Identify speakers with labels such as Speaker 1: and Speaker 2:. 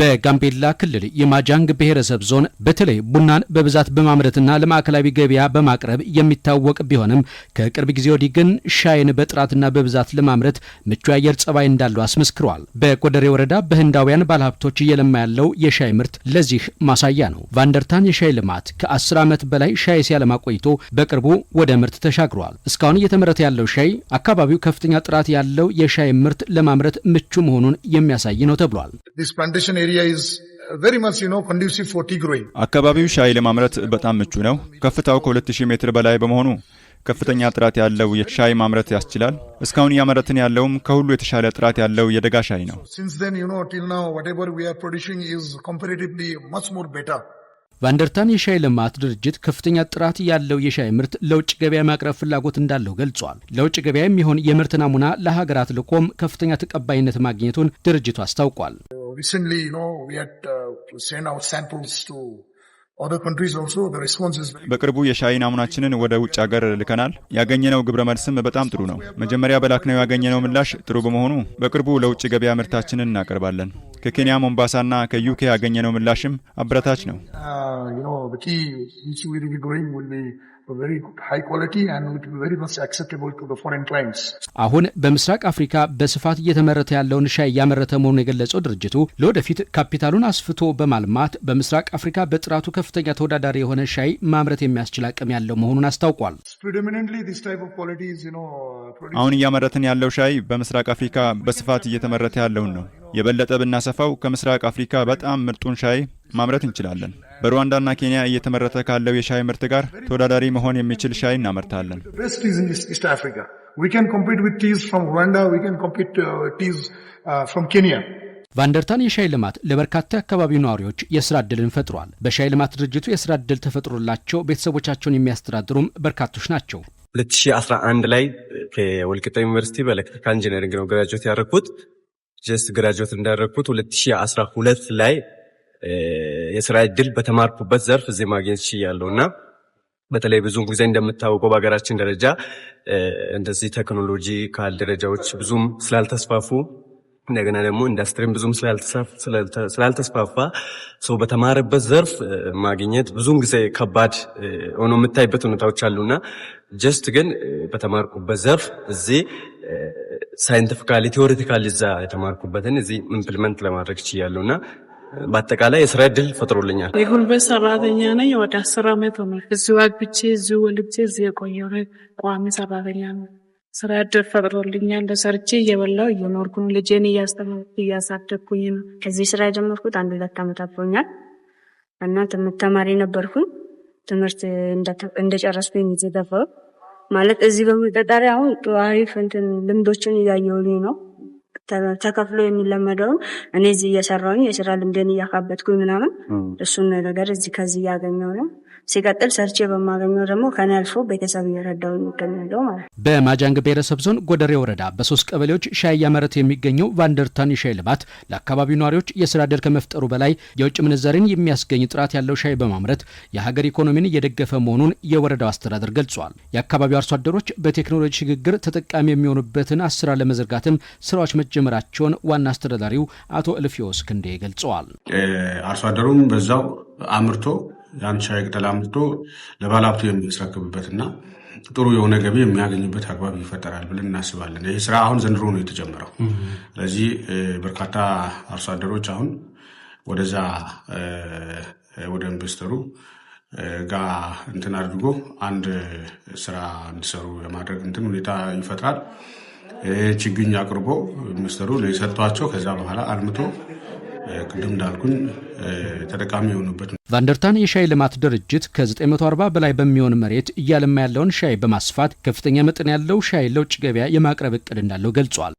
Speaker 1: በጋምቤላ ክልል የማጃንግ ብሔረሰብ ዞን በተለይ ቡናን በብዛት በማምረትና ለማዕከላዊ ገበያ በማቅረብ የሚታወቅ ቢሆንም ከቅርብ ጊዜ ወዲህ ግን ሻይን በጥራትና በብዛት ለማምረት ምቹ የአየር ጸባይ እንዳለው አስመስክረዋል። በጎደሬ ወረዳ በህንዳውያን ባለሀብቶች እየለማ ያለው የሻይ ምርት ለዚህ ማሳያ ነው። ቫንደርታን የሻይ ልማት ከ10 ዓመት በላይ ሻይ ሲያለማ ቆይቶ በቅርቡ ወደ ምርት ተሻግሯል። እስካሁን እየተመረተ ያለው ሻይ አካባቢው ከፍተኛ ጥራት ያለው የሻይ ምርት ለማምረት ምቹ መሆኑን የሚያሳይ ነው ተብሏል።
Speaker 2: Uh, አካባቢው ሻይ ለማምረት በጣም ምቹ ነው። ከፍታው ከ2000 ሜትር በላይ በመሆኑ ከፍተኛ ጥራት ያለው የሻይ ማምረት ያስችላል። እስካሁን እያመረትን ያለውም ከሁሉ የተሻለ ጥራት ያለው የደጋ ሻይ ነው።
Speaker 1: ቫንደርታን የሻይ ልማት ድርጅት ከፍተኛ ጥራት ያለው የሻይ ምርት ለውጭ ገበያ ማቅረብ ፍላጎት እንዳለው ገልጿል። ለውጭ ገበያ የሚሆን የምርት ናሙና ለሀገራት ልኮም ከፍተኛ ተቀባይነት ማግኘቱን ድርጅቱ አስታውቋል።
Speaker 2: recently, you know, we had to uh, send out samples to በቅርቡ የሻይ ናሙናችንን ወደ ውጭ ሀገር ልከናል። ያገኘነው ግብረ መልስም በጣም ጥሩ ነው። መጀመሪያ በላክነው ያገኘነው ምላሽ ጥሩ በመሆኑ በቅርቡ ለውጭ ገበያ ምርታችንን እናቀርባለን። ከኬንያ ሞምባሳና ከዩኬ ያገኘነው ምላሽም አበረታች ነው። uh,
Speaker 1: አሁን በምስራቅ አፍሪካ በስፋት እየተመረተ ያለውን ሻይ እያመረተ መሆኑን የገለጸው ድርጅቱ ለወደፊት ካፒታሉን አስፍቶ በማልማት በምስራቅ አፍሪካ በጥራቱ ከፍተኛ ተወዳዳሪ የሆነ ሻይ ማምረት የሚያስችል አቅም ያለው መሆኑን አስታውቋል።
Speaker 2: uh, አሁን እያመረትን ያለው ሻይ በምስራቅ አፍሪካ በስፋት እየተመረተ ያለውን ነው። የበለጠ ብናሰፋው ከምስራቅ አፍሪካ በጣም ምርጡን ሻይ ማምረት እንችላለን። በሩዋንዳና ኬንያ እየተመረተ ካለው የሻይ ምርት ጋር ተወዳዳሪ መሆን የሚችል ሻይ እናመርታለን። uh, uh,
Speaker 1: ቫንደርታን የሻይ ልማት ለበርካታ የአካባቢው ነዋሪዎች የስራ ዕድልን ፈጥሯል። በሻይ ልማት ድርጅቱ የስራ ዕድል ተፈጥሮላቸው ቤተሰቦቻቸውን የሚያስተዳድሩም በርካቶች ናቸው።
Speaker 3: 2011 ላይ ከወልቂጤ ዩኒቨርሲቲ በኤሌክትሪካል ኢንጂነሪንግ ነው ግራጁዌት ያደረግኩት። ጀስት ግራጁዌት እንዳደረግኩት 2012 ላይ የስራ እድል በተማርኩበት ዘርፍ እዚህ ማግኘት ችያለሁ እና በተለይ ብዙም ጊዜ እንደምታወቀው በሀገራችን ደረጃ እንደዚህ ቴክኖሎጂ ካል ደረጃዎች ብዙም ስላልተስፋፉ እንደገና ደግሞ ኢንዱስትሪም ብዙም ስላልተስፋፋ ሰው በተማረበት ዘርፍ ማግኘት ብዙም ጊዜ ከባድ ሆኖ የምታይበት ሁኔታዎች አሉና ጀስት ግን በተማርኩበት ዘርፍ እዚህ ሳይንቲፊካሊ ቴዎሬቲካሊ እዛ የተማርኩበትን እዚህ ኢምፕሊመንት ለማድረግ ችያለሁ እና በአጠቃላይ የስራ እድል ፈጥሮልኛል።
Speaker 4: የጉልበት ሰራተኛ ነኝ። ወደ አስር አመት ሆኖ እዚሁ አግብቼ እዚሁ ወልጄ እዚህ የቆየሁ ቋሚ ሰራተኛ ነው። ስራ እድል ፈጥሮልኛል። ለሰርቼ እየበላሁ እየኖርኩ ነው። ልጄን እያስተማርኩ እያሳደግኩኝ ነው። ከዚህ ስራ የጀመርኩት አንድ ሁለት አመት አብሮኛል እና ትምህርት ተማሪ ነበርኩኝ። ትምህርት እንደጨረስኩኝ ጊዜ ማለት እዚህ በመጠጣሪ አሁን አሪፍ እንትን ልምዶችን እያየሁልኝ ነው ተከፍሎ የሚለመደውን እኔ እዚህ እየሰራውኝ የስራ ልምድን እያካበትኩኝ ምናምን እሱን ነገር እዚህ ከዚህ እያገኘው ነው። ሲቀጥል ሰርቼ በማገኘው ደግሞ ከኔ አልፎ ቤተሰብ እየረዳው የሚገኛለው
Speaker 1: ማለት ነው። በማጃንግ ብሔረሰብ ዞን ጎደሬ ወረዳ በሶስት ቀበሌዎች ሻይ እያመረተ የሚገኘው ቫንደርታን የሻይ ልማት ለአካባቢው ነዋሪዎች የስራ ዕድል ከመፍጠሩ በላይ የውጭ ምንዛሬን የሚያስገኝ ጥራት ያለው ሻይ በማምረት የሀገር ኢኮኖሚን እየደገፈ መሆኑን የወረዳው አስተዳደር ገልጿል። የአካባቢው አርሶ አደሮች በቴክኖሎጂ ሽግግር ተጠቃሚ የሚሆኑበትን አሰራር ለመዘርጋትም ስራዎች መጀመራቸውን ዋና አስተዳዳሪው አቶ እልፍዮስ ክንዴ ገልጸዋል።
Speaker 5: አርሶ አደሩም በዛው አምርቶ የአንድ ሻይ ቅጠል አምጥቶ ለባለሀብቱ የሚያስረክብበትና ጥሩ የሆነ ገቢ የሚያገኝበት አግባብ ይፈጠራል ብለን እናስባለን። ይህ ስራ አሁን ዘንድሮ ነው የተጀመረው። ስለዚህ በርካታ አርሶ አደሮች አሁን ወደዛ ወደ ኢንቨስተሩ ጋ እንትን አድርጎ አንድ ስራ እንዲሰሩ የማድረግ እንትን ሁኔታ ይፈጥራል። ችግኝ አቅርቦ ኢንቨስተሩ ሰጥቷቸው ከዛ በኋላ አልምቶ ቅድም እንዳልኩን ተጠቃሚ የሆኑበት ነው።
Speaker 1: ቫንደርታን የሻይ ልማት ድርጅት ከ940 በላይ በሚሆን መሬት እያለማ ያለውን ሻይ በማስፋት ከፍተኛ መጠን ያለው ሻይ ለውጭ ገበያ የማቅረብ እቅድ እንዳለው ገልጿል።